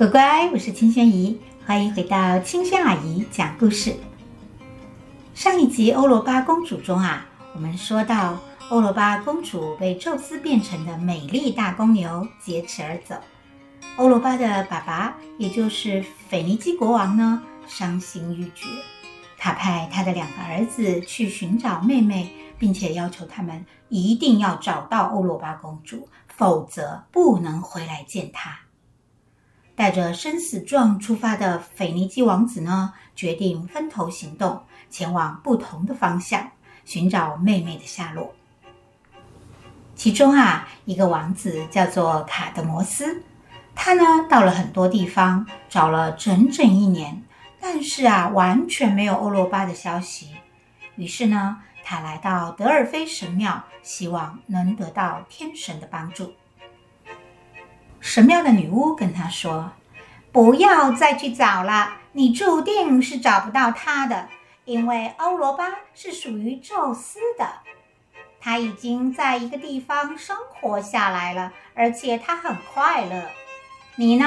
乖乖，我是青萱姨，歡迎回到青萱阿姨講故事。上一集《歐羅巴公主》中啊，我們說到歐羅巴公主被宙斯變成的美麗大公牛劫持而走，歐羅巴的爸爸也就是腓尼基國王呢，傷心欲絕，他派他的兩個兒子去尋找妹妹，並且要求他們一定要找到歐羅巴公主，否則不能回來見他。帶着生死狀出發的腓尼基王子呢，決定分頭行動，前往不同的方向尋找妹妹的下落。其中啊，一個王子叫做卡德摩斯，他呢到了很多地方，找了整整一年，但是啊，完全沒有歐羅巴的消息。於是呢，他來到德爾菲神廟，希望能得到天神的幫助。神廟的女巫跟他說：“不要再去找了，你注定是找不到他的，因為歐羅巴是屬於宙斯的。他已經在一個地方生活下來了，而且他很快樂。你呢，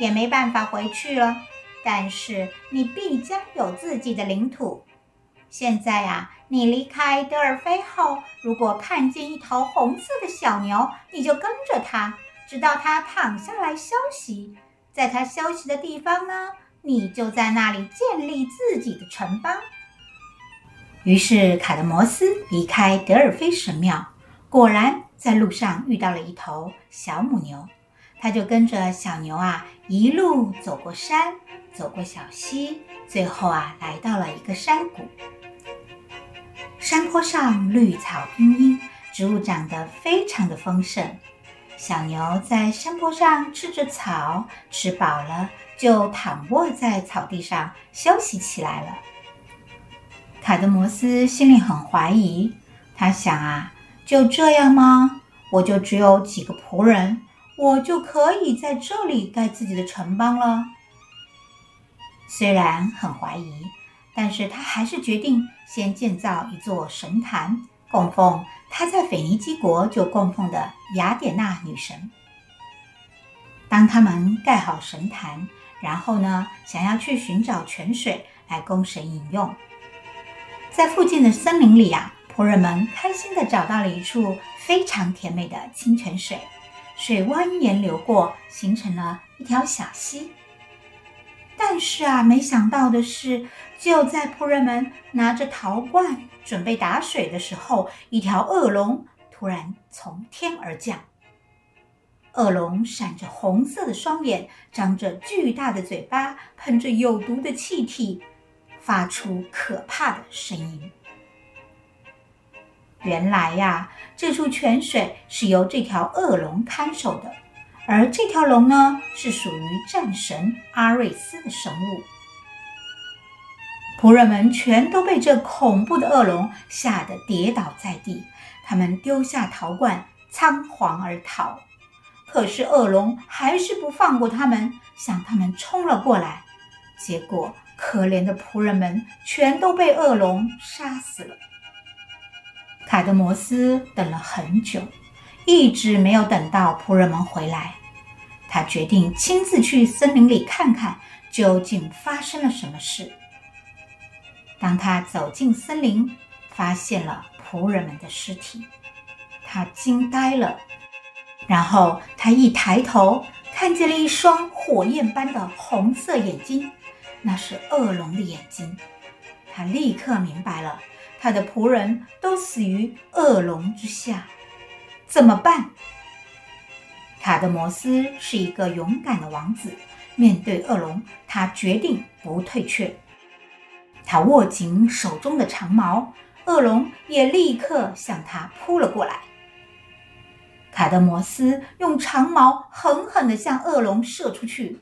也沒辦法回去了。但是你必將有自己的領土。現在呀、啊，你離開德爾菲後，如果看見一頭紅色的小牛，你就跟着它。”直到他躺下來休息，在他休息的地方呢，你就在那裡建立自己的城邦。於是卡德摩斯離開德爾菲神廟，果然在路上遇到了一頭小母牛，他就跟着小牛啊一路走過山，走過小溪，最後啊來到了一個山谷。山坡上綠草茵茵，植物長得非常的豐盛。小牛在山坡上吃着草，吃飽了就躺臥在草地上休息起來了。卡德摩斯心裡很懷疑，他想啊，就這樣嗎？我就只有幾個僕人，我就可以在這裡蓋自己的城邦了。雖然很懷疑，但是他還是決定先建造一座神壇供奉。他在腓尼基國就供奉的雅典娜女神。當他們蓋好神壇，然後呢，想要去尋找泉水來供神飲用，在附近的森林裡啊，僕人們開心地找到了一處非常甜美的清泉水，水蜿蜒流過，形成了一條小溪。但是啊，沒想到的是，就在僕人們拿着陶罐準備打水的時候，一條惡龍突然從天而降。惡龍閃着紅色的雙眼，張着巨大的嘴巴，噴着有毒的氣體，發出可怕的聲音。原來呀、啊，這處泉水是由這條惡龍看守的。而這條龍呢，是屬於戰神阿瑞斯的神物。僕人們全都被這恐怖的惡龍嚇得跌倒在地，他們丟下陶罐，倉皇而逃。可是惡龍還是不放過他們，向他們衝了過來。結果，可憐的僕人們全都被惡龍殺死了。卡德摩斯等了很久，一直沒有等到僕人們回來。他決定親自去森林裡看看究竟發生了什麼事。當他走進森林，發現了僕人們的屍體，他驚呆了。然後他一抬頭，看見了一雙火焰般的紅色眼睛，那是惡龍的眼睛。他立刻明白了他的僕人都死於惡龍之下。怎麼辦？卡德摩斯是一個勇敢的王子，面對惡龍，他決定不退卻。他握緊手中的長矛，惡龍也立刻向他撲了過來。卡德摩斯用長矛狠狠狠地向惡龍射出去，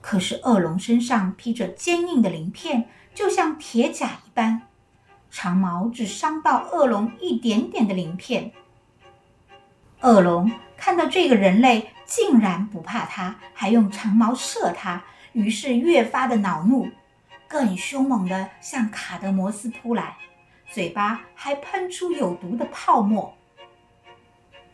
可是惡龍身上披着堅硬的鱗片，就像鐵甲一般，長矛只傷到惡龍一點點的鱗片。惡龍。看到這個人類竟然不怕他，還用長矛射他，於是越發的惱怒，更凶猛地向卡德摩斯撲來，嘴巴還噴出有毒的泡沫。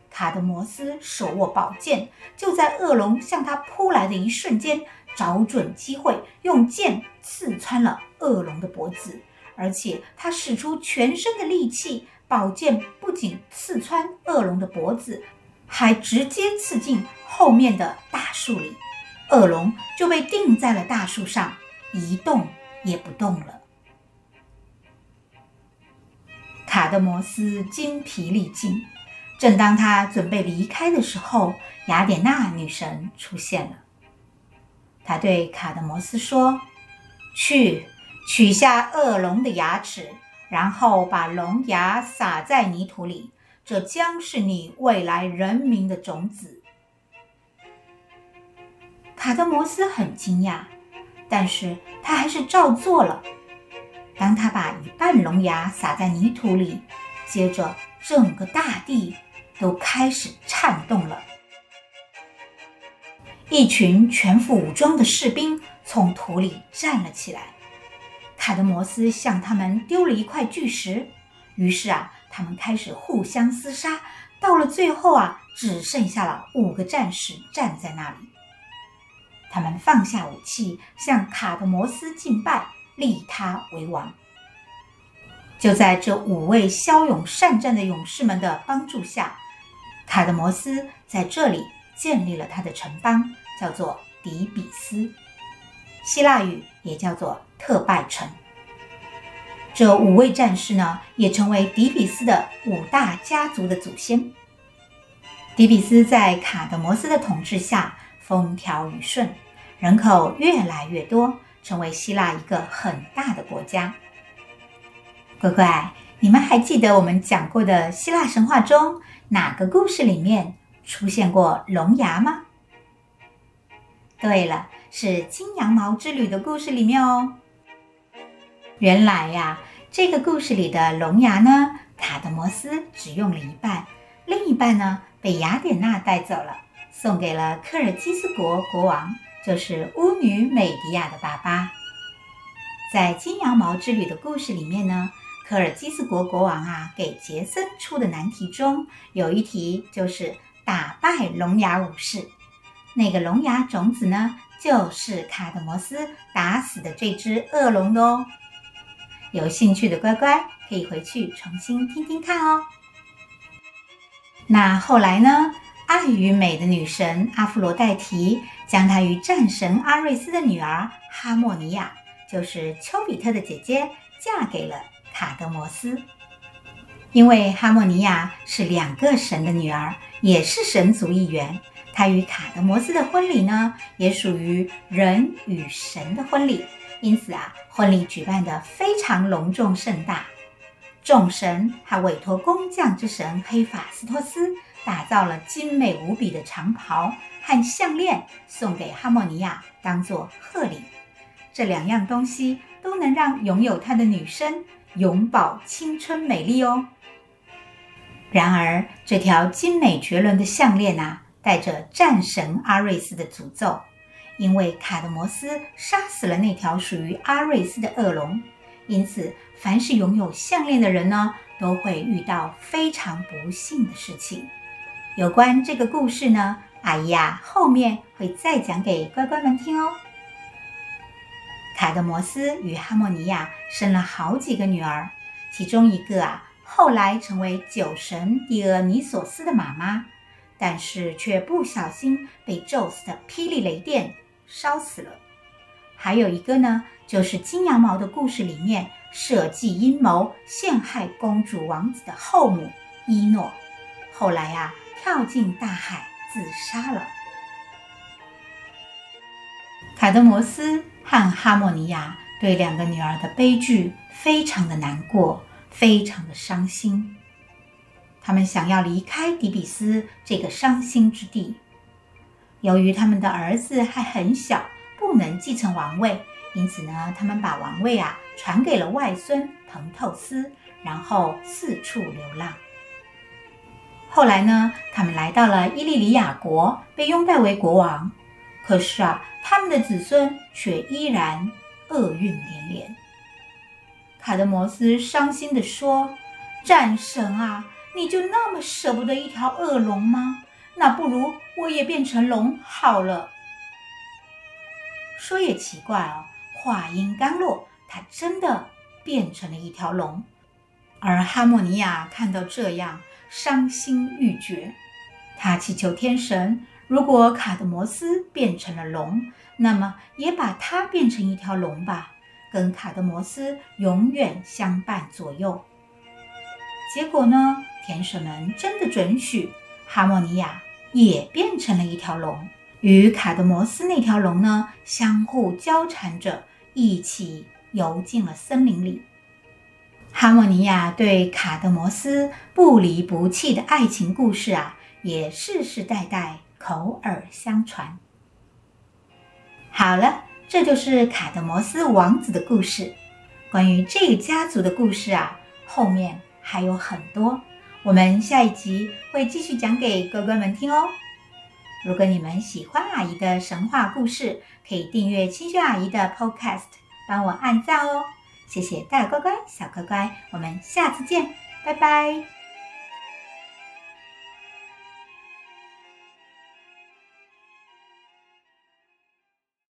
卡德摩斯手握寶劍，就在惡龍向他撲來的一瞬間，找準機會用劍刺穿了惡龍的脖子，而且他使出全身的力氣，寶劍不僅刺穿惡龍的脖子，還直接刺進後面的大樹裡，惡龍就被釘在了大樹上，一動也不動了。卡德摩斯筋疲力盡，正當他準備離開的時候，雅典娜女神出現了。她對卡德摩斯說：“去，取下惡龍的牙齒，然後把龍牙撒在泥土裡。”這將是你未來人民的種子。卡德摩斯很驚訝，但是他還是照做了。當他把一半龍牙撒在泥土裡，接着整個大地都開始顫動了。一群全副武裝的士兵從土裡站了起來。卡德摩斯向他們丟了一塊巨石，於是啊。他們開始互相廝殺，到了最後啊，只剩下了五個戰士站在那裡。他們放下武器，向卡德摩斯敬拜，立他為王。就在這五位驍勇善戰的勇士們的幫助下，卡德摩斯在這裡建立了他的城邦，叫做底比斯，希臘語也叫做特拜城。這五位戰士呢，也成為底比斯的五大家族的祖先。底比斯在卡德摩斯的統治下，風調雨順，人口越來越多，成為希臘一個很大的國家。乖乖，你們還記得我們講過的希臘神話中哪個故事裡面出現過龍牙嗎？對了，是金羊毛之旅的故事裡面哦。原來呀。這個故事裡的龍牙呢，卡德摩斯只用了一半，另一半呢，被雅典娜帶走了，送給了科爾基斯國國王，就是巫女美狄亞的爸爸。在《金羊毛之旅》的故事裡面呢，科爾基斯國國王啊給傑森出的難題中有一題就是打敗龍牙武士。那個龍牙種子呢，就是卡德摩斯打死的這隻惡龍哦。有興趣的乖乖可以回去重新聽聽看哦。那後來呢？愛與美的女神阿芙羅黛提將她與戰神阿瑞斯的女兒哈莫尼亞，就是丘比特的姐姐，嫁給了卡德摩斯。因為哈莫尼亞是兩個神的女兒，也是神族一員，她與卡德摩斯的婚禮呢，也屬於人與神的婚禮。因此啊，婚禮舉辦得非常隆重盛大。眾神還委托工匠之神黑法斯托斯打造了精美無比的長袍和項鏈，送給哈莫尼亞當做賀禮。這兩樣東西都能讓擁有它的女生永葆青春美麗哦。然而，這條精美絕倫的項鏈呢、啊，帶着戰神阿瑞斯的詛咒。因為卡德摩斯殺死了那條屬於阿瑞斯的惡龍，因此凡是擁有項鏈的人呢，都會遇到非常不幸的事情。有關這個故事呢，阿姨啊，後面會再講給乖乖們聽哦。卡德摩斯與哈莫尼亞生了好幾個女兒，其中一個啊，後來成為酒神狄俄尼索斯的媽媽，但是卻不小心被宙斯的霹靂雷電。燒死了。還有一個呢，就是金羊毛的故事裡面，設計陰謀陷害公主王子的後母伊諾，後來呀，啊，跳進大海自殺了。卡德摩斯和哈莫尼亞對兩個女兒的悲劇非常的難過，非常的傷心。他們想要離開底比斯這個傷心之地。由於他們的兒子還很小，不能繼承王位，因此呢，他們把王位啊傳給了外孫彭透斯，然後四處流浪。後來呢，他們來到了伊利里亞國，被擁戴為國王。可是啊，他們的子孫卻依然厄運連連。卡德摩斯傷心地說：“戰神啊，你就那麼捨不得一條惡龍嗎？”那不如我也變成龍好了。說也奇怪哦，話音剛落，他真的變成了一條龍。而哈莫尼亞看到這樣，傷心欲絕。他祈求天神，如果卡德摩斯變成了龍，那麼也把他變成一條龍吧，跟卡德摩斯永遠相伴左右。結果呢，天神們真的准許哈莫尼亞。也變成了一條龍，與卡德摩斯那條龍呢，相互交纏着，一起游進了森林裡。哈莫尼亞對卡德摩斯不離不棄的愛情故事啊，也世世代代口耳相傳。好了，這就是卡德摩斯王子的故事。關於這個家族的故事啊，後面還有很多。我們下一集會繼續講給乖乖們聽哦。如果你們喜歡阿姨的神話故事，可以訂閱青萱阿姨的 podcast，幫我按讚哦。謝謝大乖乖、小乖乖，我們下次見，拜拜。